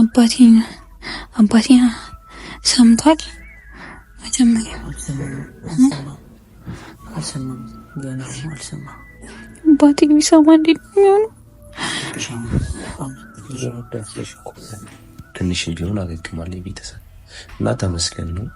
አባቴን አባቴን ሰምቷል። መጀመሪያ አባቴ ቢሰማ እንዴት ነው የሚሆነው? ትንሽ ልጅ ሆን አገግማለሁ ቤተሰብ እና ተመስገን ነው።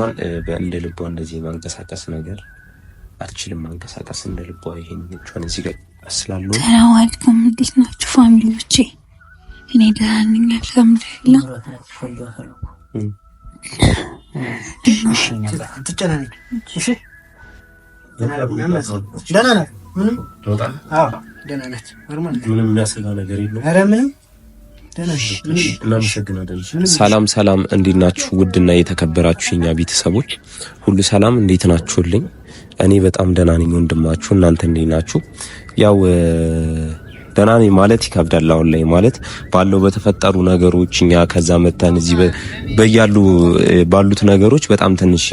እጇን እንደ ልቧ እንደዚህ የማንቀሳቀስ ነገር አልችልም። ማንቀሳቀስ እንደ ልቧ ይሄን እጇን እዚህ ጋር ስላለሁ። ሰላም አለይኩም፣ እንዴት ናችሁ ፋሚሊዎቼ? እኔ ደህና ነኝ አልሐምዱሊላህ። ምንም የሚያሰጋ ነገር የለም። ሰላም ሰላም፣ እንዴት ናችሁ? ውድና የተከበራችሁ የኛ ቤተሰቦች ሁሉ ሰላም፣ እንዴት ናችሁልኝ? እኔ በጣም ደህና ነኝ ወንድማችሁ። እናንተ እንዴት ናችሁ? ያው ደህና ነኝ ማለት ይከብዳል። አሁን ላይ ማለት ባለው በተፈጠሩ ነገሮች እኛ ከዛ መተን እዚህ በያሉ ባሉት ነገሮች በጣም ትንሽ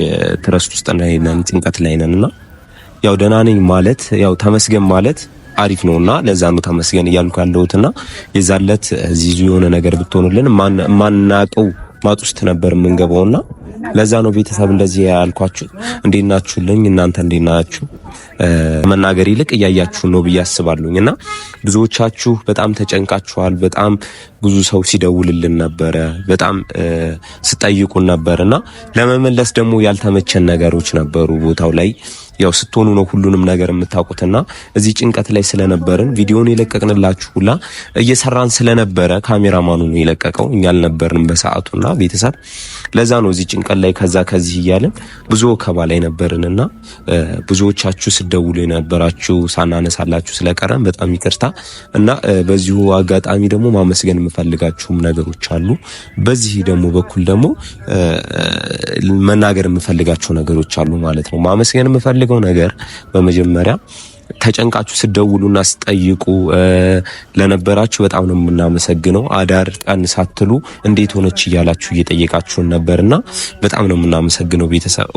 ትረስት ውስጥ ነን፣ ጭንቀት ላይ ነን እና ያው ደህና ነኝ ማለት ያው ተመስገን ማለት አሪፍ ነውና ለዛ ነው ተመስገን እያልኩ ያለሁትና የዛለት እዚህ የሆነ ነገር ብትሆኑልን ማናቀው ማጥ ውስጥ ነበር እና ለዛ ነው ቤተሰብ እንደዚህ ያልኳችሁ። እንዴት ናችሁልኝ? እናንተ እንዴት ናችሁ? መናገር ይልቅ እያያችሁ ነው ብዬ አስባለሁኝ እና ብዙዎቻችሁ በጣም ተጨንቃችኋል። በጣም ብዙ ሰው ሲደውልልን ነበረ፣ በጣም ስጠይቁን ነበር እና ለመመለስ ደግሞ ያልተመቸን ነገሮች ነበሩ ቦታው ላይ ያው ስትሆኑ ነው ሁሉንም ነገር የምታውቁትና እዚህ ጭንቀት ላይ ስለነበርን ቪዲዮን የለቀቅንላችሁ ሁላ እየሰራን ስለነበረ ካሜራማኑ ነው የለቀቀው፣ እኛ አልነበርንም በሰዓቱና ቤተሰብ። ለዛ ነው እዚህ ጭንቀት ላይ ከዛ ከዚህ እያልን ብዙ ወከባ ላይ ነበርንና ብዙዎቻችሁ ስደውሉ የነበራችሁ ሳናነሳላችሁ ስለቀረን በጣም ይቅርታ እና በዚሁ አጋጣሚ ደግሞ ማመስገን የምፈልጋችሁም ነገሮች አሉ። በዚህ ደግሞ በኩል ደግሞ መናገር የምፈልጋቸው ነገሮች አሉ ማለት ነው ማመስገን የምፈልግ የምፈልገው ነገር በመጀመሪያ ተጨንቃችሁ ስደውሉና ስጠይቁ ለነበራችሁ በጣም ነው የምናመሰግነው። አዳር ቀን ሳትሉ እንዴት ሆነች እያላችሁ እየጠየቃችሁን ነበርና በጣም ነው የምናመሰግነው ቤተሰብ።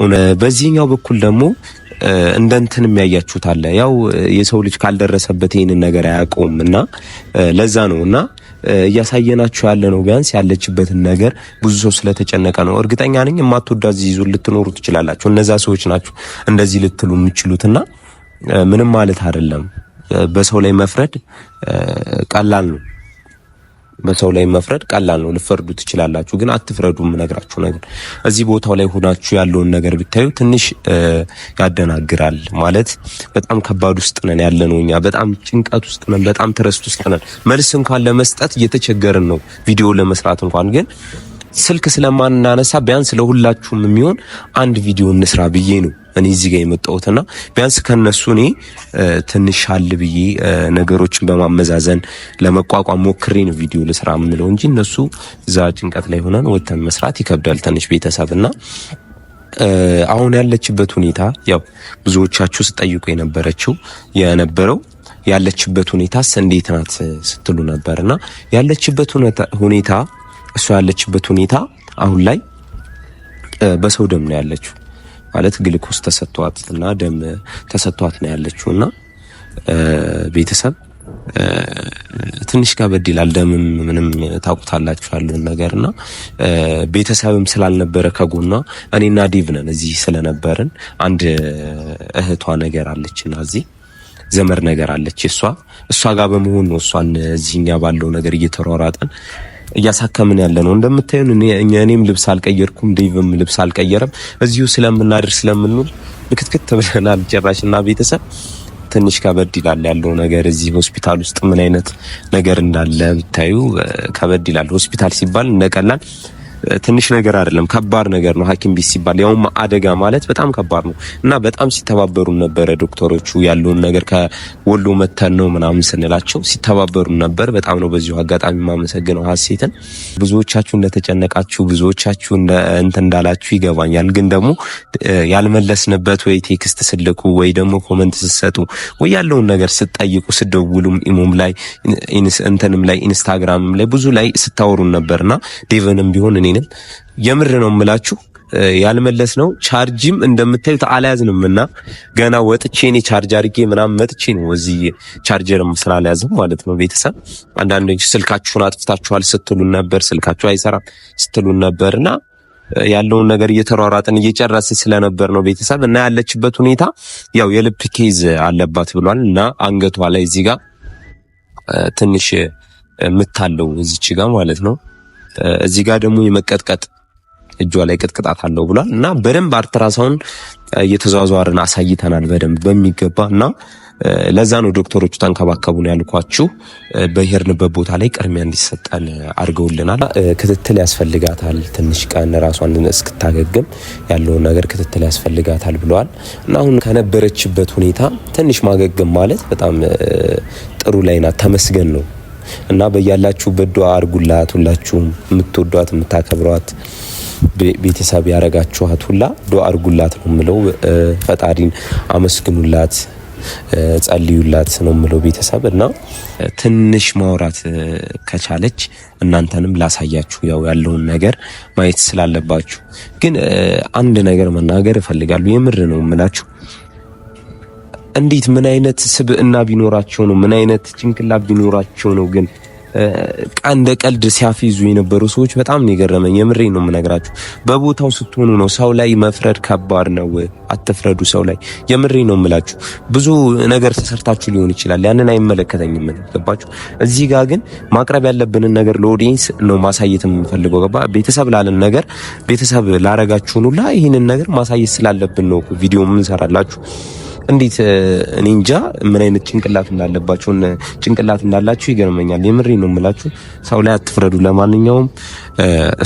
በዚህኛው በኩል ደግሞ እንደንትን የሚያያችሁት አለ። ያው የሰው ልጅ ካልደረሰበት ይህንን ነገር አያውቀውም እና ለዛ ነው እና እያሳየናችሁ ያለ ነው። ቢያንስ ያለችበትን ነገር ብዙ ሰው ስለተጨነቀ ነው። እርግጠኛ ነኝ የማትወዳት ይዞ ልትኖሩ ትችላላችሁ። እነዛ ሰዎች ናችሁ እንደዚህ ልትሉ የምችሉትና ምንም ማለት አይደለም። በሰው ላይ መፍረድ ቀላል ነው። በሰው ላይ መፍረድ ቀላል ነው። ልፈርዱ ትችላላችሁ፣ ግን አትፍረዱ። የምነግራችሁ ነገር እዚህ ቦታው ላይ ሆናችሁ ያለውን ነገር ብታዩ ትንሽ ያደናግራል። ማለት በጣም ከባድ ውስጥ ነን ያለ ነው። እኛ በጣም ጭንቀት ውስጥ ነን፣ በጣም ትረስት ውስጥ ነን። መልስ እንኳን ለመስጠት እየተቸገርን ነው፣ ቪዲዮ ለመስራት እንኳን ግን ስልክ ስለማናነሳ ቢያንስ ለሁላችሁም የሚሆን አንድ ቪዲዮ እንስራ ብዬ ነው እኔ እዚህ ጋር የመጣሁትና ቢያንስ ከነሱ እኔ ትንሽ አል ብዬ ነገሮችን በማመዛዘን ለመቋቋም ሞክሬ ነው ቪዲዮ ልስራ የምንለው እንጂ እነሱ እዛ ጭንቀት ላይ ሆነን ወጥተን መስራት ይከብዳል ትንሽ ቤተሰብ እና አሁን ያለችበት ሁኔታ ያው ብዙዎቻችሁ ስጠይቁ የነበረችው የነበረው ያለችበት ሁኔታስ እንዴት ናት ስትሉ ነበርና ያለችበት ሁኔታ እሷ ያለችበት ሁኔታ አሁን ላይ በሰው ደም ነው ያለችው። ማለት ግልኮስ ተሰጥቷት እና ደም ተሰጥቷት ነው ያለችው እና ቤተሰብ ትንሽ ከበድ ይላል። ደምም ምንም ታውቁታላችሁ ያለውን ነገር እና ቤተሰብም ስላልነበረ ከጎኗ እኔና ዲቭ ነን እዚህ ስለነበርን አንድ እህቷ ነገር አለችና እዚህ ዘመድ ነገር አለች እሷ እሷ ጋር በመሆን ነው እሷን እዚህኛ ባለው ነገር እየተሯሯጠን እያሳከምን ያለ ነው። እንደምታዩን እኔም ልብስ አልቀየርኩም፣ ዴቭም ልብስ አልቀየረም። እዚሁ ስለምናድር ስለምንውል ምክትክት ብለናል ጭራሽ እና ቤተሰብ ትንሽ ከበድ ይላል ያለው ነገር እዚህ ሆስፒታል ውስጥ ምን አይነት ነገር እንዳለ ብታዩ ከበድ ይላል። ሆስፒታል ሲባል እንደቀላል ትንሽ ነገር አይደለም፣ ከባድ ነገር ነው። ሐኪም ቢስ ሲባል ያውም አደጋ ማለት በጣም ከባድ ነው እና በጣም ሲተባበሩን ነበረ ዶክተሮቹ ያለውን ነገር ከወሎ መተን ነው ምናምን ስንላቸው ሲተባበሩን ነበር። በጣም ነው በዚሁ አጋጣሚ የማመሰግነው ሀሴትን። ብዙዎቻችሁ እንደተጨነቃችሁ፣ ብዙዎቻችሁ እንትን እንዳላችሁ ይገባኛል። ግን ደግሞ ያልመለስንበት ወይ ቴክስት ስልኩ ወይ ደግሞ ኮመንት ስትሰጡ ወይ ያለውን ነገር ስትጠይቁ ስትደውሉም ኢሞም ላይ እንትንም ላይ ኢንስታግራምም ላይ ብዙ ላይ ስታወሩን ነበርና ዴቨንም ቢሆን እኔ ነን። የምር ነው የምላችሁ ያልመለስ ነው። ቻርጅም እንደምታዩት አልያዝንም እና ገና ወጥቼ እኔ ቻርጅ አድርጌ ምናምን መጥቼ ነው እዚህ ቻርጀርም ስላልያዝም ማለት ነው። ቤተሰብ አንዳንዶች ስልካችሁን አጥፍታችኋል ስትሉን ነበር፣ ስልካችሁ አይሰራም ስትሉን ነበር እና ያለውን ነገር እየተሯሯጥን እየጨረስ ስለነበር ነው ቤተሰብ። እና ያለችበት ሁኔታ ያው የልብ ኬዝ አለባት ብሏል እና አንገቷ ላይ እዚህ ጋር ትንሽ ምታለው እዚች ጋር ማለት ነው እዚህ ጋር ደግሞ የመቀጥቀጥ እጇ ላይ ቅጥቅጣት አለው ብሏል እና በደንብ አልትራሳውንድ እየተዟዟርን አሳይተናል በደንብ በሚገባ እና ለዛ ነው ዶክተሮቹ ተንከባከቡን ያልኳችሁ። በሄድንበት ቦታ ላይ ቅድሚያ እንዲሰጠን አድርገውልናል። ክትትል ያስፈልጋታል፣ ትንሽ ቀን ራሷን እስክታገግም ያለውን ነገር ክትትል ያስፈልጋታል ብለዋል እና አሁን ከነበረችበት ሁኔታ ትንሽ ማገግም ማለት በጣም ጥሩ ላይ ናት። ተመስገን ነው። እና በያላችሁበት ዱዓ አድርጉላት። ሁላችሁም የምትወዷት የምታከብሯት ቤተሰብ ያረጋችኋት ሁላ ዱዓ አድርጉላት ነው ምለው። ፈጣሪን አመስግኑላት፣ ጸልዩላት ነው ምለው። ቤተሰብ እና ትንሽ ማውራት ከቻለች እናንተንም ላሳያችሁ ያው ያለውን ነገር ማየት ስላለባችሁ። ግን አንድ ነገር መናገር እፈልጋለሁ። የምር ነው የምላችሁ እንዴት ምን አይነት ስብዕና ቢኖራቸው ነው? ምን አይነት ጭንቅላት ቢኖራቸው ነው? ግን እንደ ቀልድ ሲያፊዙ የነበሩ ሰዎች በጣም ነው የገረመኝ። የምሬ ነው የምነግራችሁ። በቦታው ስትሆኑ ነው ሰው ላይ መፍረድ ከባድ ነው። አትፍረዱ ሰው ላይ። የምሬ ነው የምላችሁ። ብዙ ነገር ተሰርታችሁ ሊሆን ይችላል። ያንን አይመለከተኝም። ገባችሁ? እዚህ ጋር ግን ማቅረብ ያለብንን ነገር ለኦዲየንስ ነው ማሳየት የምፈልገው። ገባ? ቤተሰብ ላለን ነገር ቤተሰብ ላረጋችሁን ሁላ ይህንን ነገር ማሳየት ስላለብን ነው ቪዲዮ የምንሰራላችሁ። እንዴት እኔ እንጃ ምን አይነት ጭንቅላት እንዳለባችሁ ጭንቅላት እንዳላችሁ ይገርመኛል። የምሬ ነው የምላችሁ። ሰው ላይ አትፍረዱ። ለማንኛውም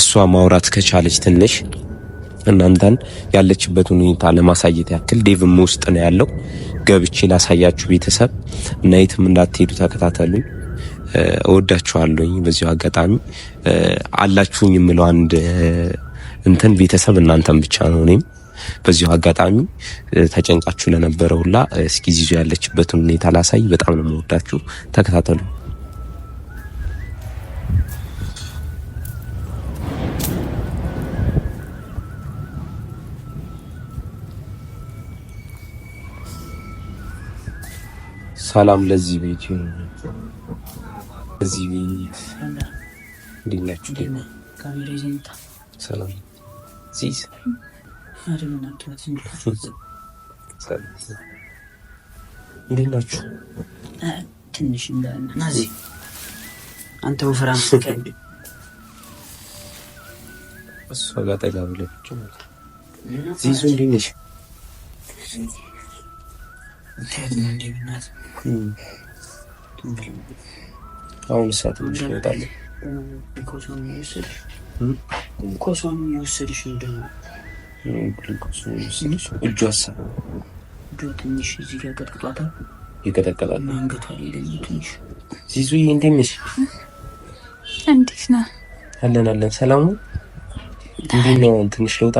እሷ ማውራት ከቻለች ትንሽ እናንተን ያለችበትን ሁኔታ ለማሳየት ያክል ዴቭም ውስጥ ነው ያለው። ገብቼ ላሳያችሁ ቤተሰብ እና የትም እንዳትሄዱ ተከታተሉኝ። እወዳችኋለሁኝ። በዚሁ አጋጣሚ አላችሁኝ የምለው አንድ እንትን ቤተሰብ እናንተን ብቻ ነው እኔም በዚሁ አጋጣሚ ተጨንቃችሁ ለነበረ ሁላ እስኪ ይዞ ያለችበትን ሁኔታ ላሳይ። በጣም ነው የምወዳችሁ። ተከታተሉ። ሰላም ለዚህ ቤት እዚህ ቤት እንዴት ናችሁ? ሰላም እንዴት ናችሁ? ትንሽ እንዳናዚህ አንተ ወፍራም እሷ ጋር ጠጋ ብለች ዚዙ እንዴት ነሽ? አሁን ሰዓት ትንሽ ይወጣለን። ኮሶም የወሰድሽ እንደሆነ እጇ ትንሽ እዚህ ይቀጠቀጣል። አንገቷ ትንሽ እንዴት ነሽ? እንዴት አለን አለን። ሰላሙ እንዴት ነው?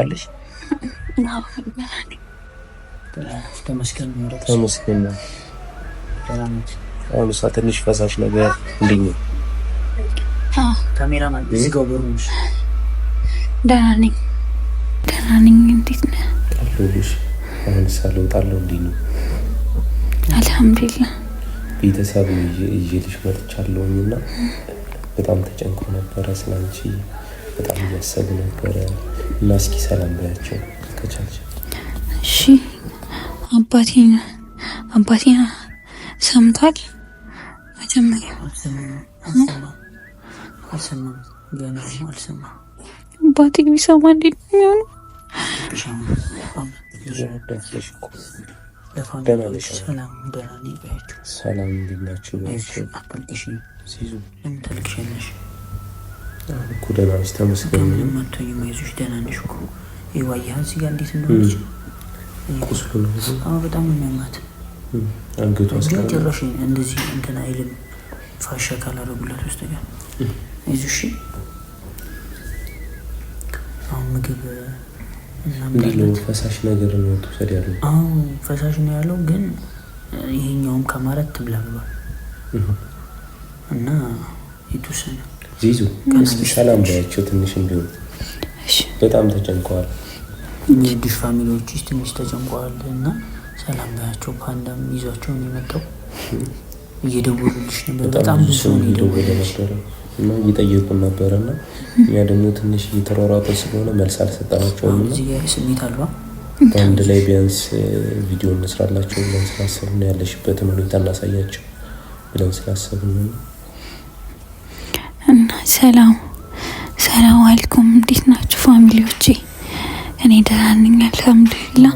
ትንሽ ተመስገን ትንሽ ፈሳሽ ነገር እንዴት ነው? ደህና ነኝ ደህና ነኝ። እንዴት ነህ? ጠሉልሽ። አሁን ሳልወጣለሁ። ነው? ቤተሰብ እየልሽ እና በጣም ተጨንቆ ነበረ ስላንቺ በጣም እያሰቡ ነበረ እና እስኪ ሰላም በያቸው ከቻልሽ። እሺ አባቴን አባቴን ሰምቷል። መጀመሪያ አባቴ ቢሰማ እንዴት ነው የሚሆነው? ሰላም እንዲላችሁ እኮ ደህና ነሽ፣ ተመስገን። ደህና ነሽ እኮ ይዋያህን እዚህ ጋር እንዴት እንደሆነች ቁስሉ ነው። አዎ በጣም የሚያማት አንገቷ ጭራሽ እንደዚህ እንትን አይልም። ፋሻ ካላረጉላት ውስጥ ጋር ይዙ እሺ። አሁን ምግብ ፈሳሽ ነገር ነው ትውሰድ ያለው። አዎ ፈሳሽ ነው ያለው፣ ግን ይሄኛውም ከማረት ትብላ ብሏል እና ይቱስን ዚዙ ሰላም ባያቸው ትንሽ እንዲሆን በጣም ተጨንቀዋል። እንግዲህ ፋሚሊዎች ውስጥ ትንሽ ተጨንቀዋል እና ሰላም ባያቸው ፓንዳም ይዟቸውን የመጣው እየደወሉልሽ ነበር። በጣም ብዙ ነው የደወለልሽ እና እየጠየቁን ነበረ እና እኛ ደግሞ ትንሽ እየተሯሯጠ ስለሆነ መልስ አልሰጠናቸውም። በአንድ ላይ ቢያንስ ቪዲዮ እንስራላቸው ብለን ስላሰብን ያለሽበትን ሁኔታ እናሳያቸው ብለን ስላሰብን እና ሰላም ሰላም አለይኩም እንዴት ናችሁ ፋሚሊዎቼ? እኔ ደህና ነኝ አልሐምዱሊላህ።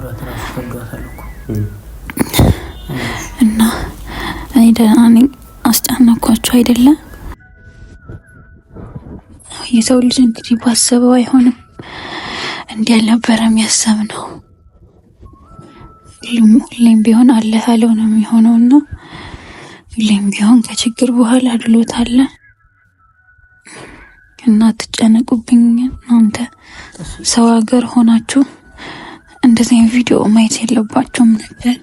እና እኔ ደህና ነኝ። አስጨነኳችሁ አይደለም? የሰው ልጅ እንግዲህ ባሰበው አይሆንም። እንዲህ አልነበረም ነው። ሁሌም ቢሆን አለ ያለው ነው የሚሆነውና ሁሌም ቢሆን ከችግር በኋላ አድሎት አለ እና ትጨነቁብኝ እናንተ ሰው ሀገር ሆናችሁ እንደዚህ ቪዲዮ ማየት የለባችሁም ነበር።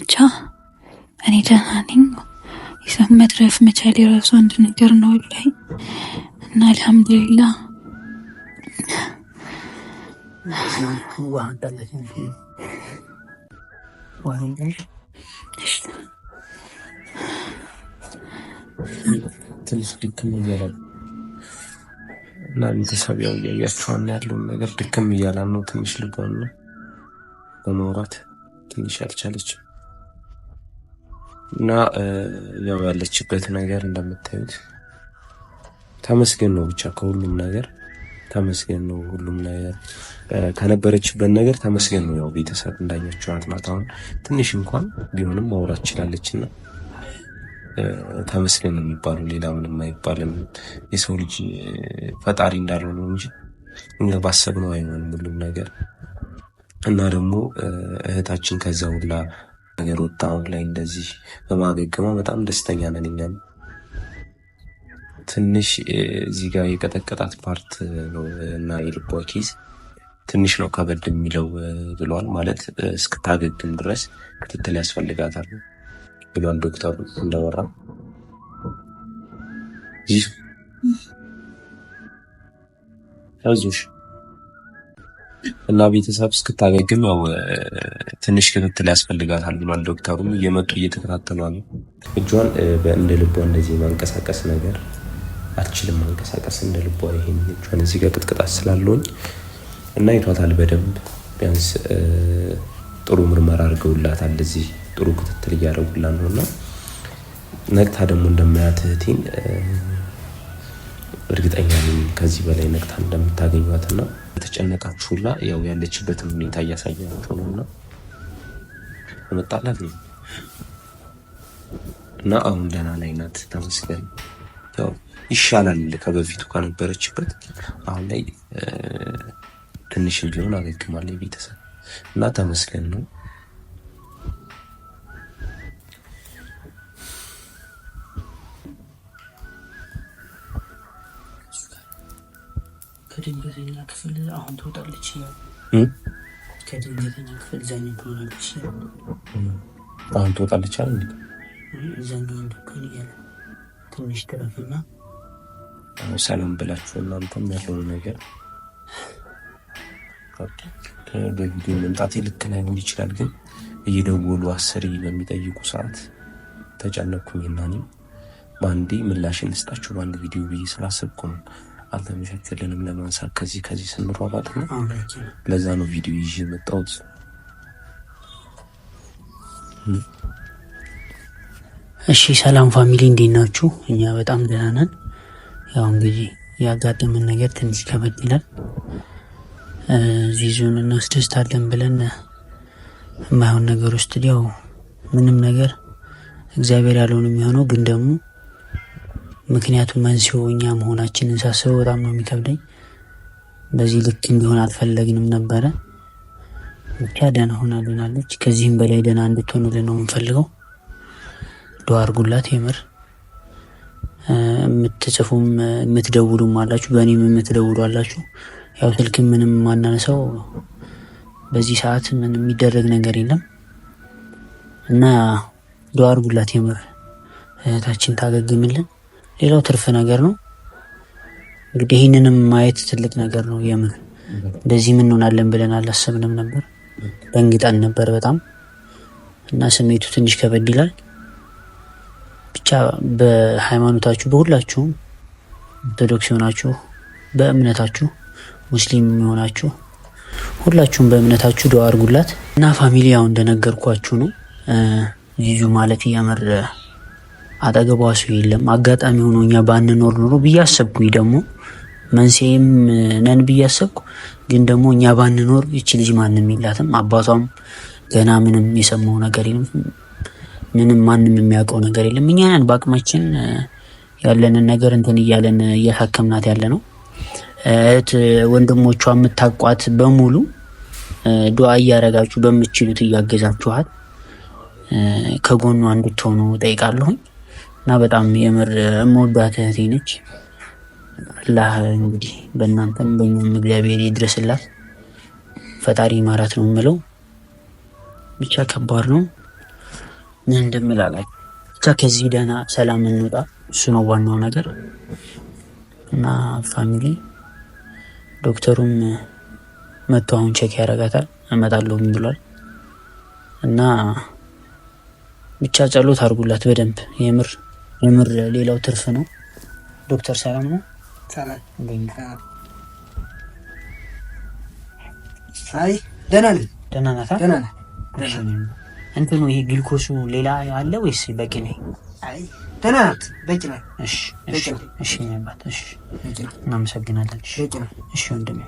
ብቻ እኔ ደህና ነኝ። ሂሳብ መድረፍ መቻል የራሱ አንድ ነገር ነው ላይ እና አልሐምዱሊላ ትንሽ ድክም እያላል እና ቤተሰብ ያው እያያቸዋን ያለውን ነገር ድክም እያላል ነው። ትንሽ ልቧን ነው በመውራት ትንሽ አልቻለችም። እና ያው ያለችበት ነገር እንደምታዩት ተመስገን ነው። ብቻ ከሁሉም ነገር ተመስገን ነው። ሁሉም ነገር ከነበረችበት ነገር ተመስገን ነው። ያው ቤተሰብ እንዳኛችኋት አሁን ትንሽ እንኳን ቢሆንም ማውራት ችላለችና ተመስገን የሚባለው ሌላ ምንም አይባልም። የሰው ልጅ ፈጣሪ እንዳለው ነው እንጂ እኛ ባሰብነው አይሆንም ሁሉም ነገር እና ደግሞ እህታችን ከዛ ሁላ ነገር ወጥታ አሁን ላይ እንደዚህ በማገገሟ በጣም ደስተኛ ነን። እኛም ትንሽ እዚህ ጋር የቀጠቀጣት ፓርት ነው እና የልቧ ኬዝ ትንሽ ነው ከበድ የሚለው ብሏል። ማለት እስክታገግም ድረስ ክትትል ያስፈልጋታል ብሏል ዶክተሩ እንደወራ ያዙሽ እና ቤተሰብ እስክታገግም ያው ትንሽ ክትትል ያስፈልጋታል ብሏል ዶክተሩም። እየመጡ እየተከታተሉ አሉ። እጇን እንደ ልቧ እንደዚህ ማንቀሳቀስ ነገር አትችልም። ማንቀሳቀስ እንደ ልቧ ይሄን እጇን እዚህ ጋር ቅጥቅጣት ስላለውኝ እና ይቷታል በደንብ ቢያንስ ጥሩ ምርመራ አድርገውላታል። እዚህ ጥሩ ክትትል እያደረጉላት ነው እና ነቅታ ደግሞ እንደማያት እህቴን እርግጠኛ ከዚህ በላይ ነቅታ እንደምታገኟት እና የተጨነቃችሁ ሁላ ያው ያለችበትን ሁኔታ እያሳያቸው ነው እና መጣላት ነው እና አሁን ደህና ላይ ናት፣ ተመስገን። ያው ይሻላል ከበፊቱ ከነበረችበት። አሁን ላይ ትንሽ ቢሆን አገግማለች ቤተሰብ እና ተመስገን ነው። አሁን ትወጣለች ከድንገተኛ ክፍል ትሆናለች አሁን ትወጣለች አለ እያለ ትንሽ ትረፍና ሰላም ብላችሁ እናንተም ያለውን ነገር በቪዲዮ መምጣቴ ልክ ይችላል፣ ግን እየደወሉ አስሪ በሚጠይቁ ሰዓት ተጨነኩኝና እኔም በአንዴ ምላሽ ልስጣችሁ በአንድ ቪዲዮ ብዬ ስላሰብኩ ነው። አልተመቻቸልንም ለማንሳት ከዚህ ከዚህ ስንሯሯጥ ነው። ለዛ ነው ቪዲዮ ይዤ የመጣሁት። እሺ ሰላም ፋሚሊ እንዴት ናችሁ? እኛ በጣም ደህና ነን። ያው እንግዲህ ያጋጠመን ነገር ትንሽ ከበድ ይላል። ዚዙን እናስደስታለን ብለን የማይሆን ነገር ውስጥ ያው ምንም ነገር እግዚአብሔር ያለውን የሚሆነው ግን ደግሞ ምክንያቱም መንስኤው እኛ መሆናችንን ሳስበው በጣም ነው የሚከብደኝ። በዚህ ልክ እንዲሆን አልፈለግንም ነበረ። ብቻ ደህና ሆናልናለች። ከዚህም በላይ ደህና እንድትሆንልን ነው የምንፈልገው። ዱአ አድርጉላት። የምር የምትጽፉም የምትደውሉም አላችሁ፣ በእኔም የምትደውሉ አላችሁ። ያው ስልክም ምንም ማናነሰው በዚህ ሰዓት ምን የሚደረግ ነገር የለም እና ዱአ አድርጉላት። የምር እህታችን ታገግምልን። ሌላው ትርፍ ነገር ነው። እንግዲህ ይህንንም ማየት ትልቅ ነገር ነው። የምር እንደዚህ ምን እንሆናለን ብለን አላሰብንም ነበር። ደንግጠን ነበር በጣም እና ስሜቱ ትንሽ ከበድ ይላል። ብቻ በሃይማኖታችሁ በሁላችሁም ኦርቶዶክስ የሆናችሁ በእምነታችሁ ሙስሊም የሆናችሁ ሁላችሁም በእምነታችሁ ደዋ አድርጉላት እና ፋሚሊ ያው እንደነገርኳችሁ ነው። ዚዙ ማለት እያመር አጠገቧ ሰው የለም። አጋጣሚ ሆኖ እኛ ባንኖር ኖሮ ብያሰብኩኝ ደግሞ መንስኤም ነን ብያሰብኩ። ግን ደግሞ እኛ ባንኖር ይቺ ልጅ ማንም የላትም። አባቷም ገና ምንም የሰማው ነገር የለም። ምንም ማንም የሚያውቀው ነገር የለም። እኛ ነን በአቅማችን ያለንን ነገር እንትን እያለን እያሳከምናት ያለ ነው። እህት ወንድሞቿ የምታቋት በሙሉ ዱዓ እያረጋችሁ በምችሉት እያገዛችኋት ከጎኗ እንድትሆኑ ጠይቃለሁኝ። እና በጣም የምር የምወዳት እህቴ ነች። አላህ እንግዲህ በእናንተም በእኛም እግዚአብሔር ይድረስላት፣ ፈጣሪ ማራት ነው የምለው። ብቻ ከባድ ነው ምን እንደምላላችሁ። ብቻ ከዚህ ደህና ሰላም እንውጣ፣ እሱ ነው ዋናው ነገር እና ፋሚሊ ዶክተሩም መጥቶ አሁን ቼክ ያደርጋታል እመጣለሁም ብሏል እና ብቻ ጸሎት አድርጉላት በደንብ የምር የምር ሌላው ትርፍ ነው። ዶክተር ሰላም ነው። አይ ደህና ነኝ። ደህና ናት። ደህና ናት። እንትኑ ይሄ ግልኮሱ ሌላ አለ ወይስ በቂ ነው? አይ ደህና ናት፣ በቂ እሺ፣ እሺ፣ እሺ፣ እሺ፣ እናመሰግናለን። እሺ፣ እሺ፣ ወንድሜ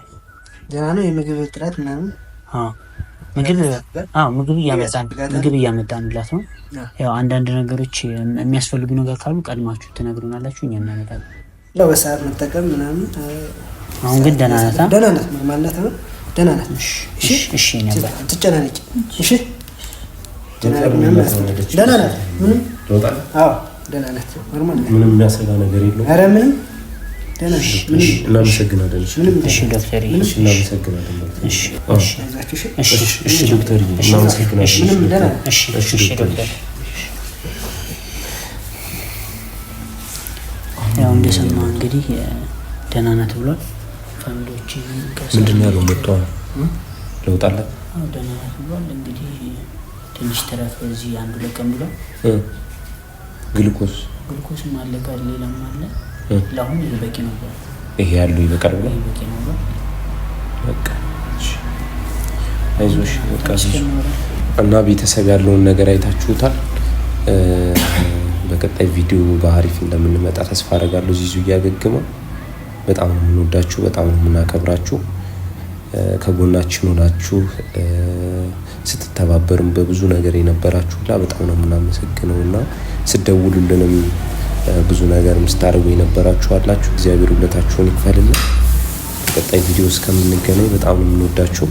ደህና ነው። የምግብ ጥረት ምናምን ምግብ እያመጣን ምግብ እያመጣንላት ነው። ያው አንዳንድ ነገሮች የሚያስፈልጉ ነገር ካሉ ቀድማችሁ ትነግሩናላችሁ፣ እኛ እናመጣለን። በሰዓት መጠቀም ምናምን። አሁን ግን ደህና ናት፣ ደህና ናት፣ ኖርማል ናት፣ ደህና ናት። እሺ ነበር ትጨናነቂ። እሺ ደህና ናት፣ ምንም ደህና ናት፣ ምንም የሚያሰጋ ነገር የለውም። ኧረ ምንም ያው እንደሰማ እንግዲህ ደህና ናት ብሏል። ፋሚሊዎች ምንድን ነው ያለው? መጥቷ ለውጥ ደህና ናት ብሏል። እንግዲህ ትንሽ ትረፍ በዚህ አንዱ ለቀም ብሏል። ግልኮስ ግልኮስም አለ ሌላም አለ ለአሁን ይሄ በቂ ነበር። ይሄ ያሉ ይበቃል ብሎ በቃ አይዞሽ በቃ እና ቤተሰብ ያለውን ነገር አይታችሁታል። በቀጣይ ቪዲዮ በአሪፍ እንደምንመጣ ተስፋ አደርጋለሁ። ዚዙ እያገግመ በጣም ነው የምንወዳችሁ፣ በጣም ነው የምናከብራችሁ። ከጎናችን ሆናችሁ ስትተባበርም በብዙ ነገር የነበራችሁ በጣም ነው የምናመሰግነው እና ስደውሉልንም ብዙ ነገር ምስታደርጉ የነበራችኋላችሁ እግዚአብሔር ውለታችሁን ይክፈልልን። ቀጣይ ቪዲዮ እስከምንገናኝ በጣም ነው የምንወዳችሁ።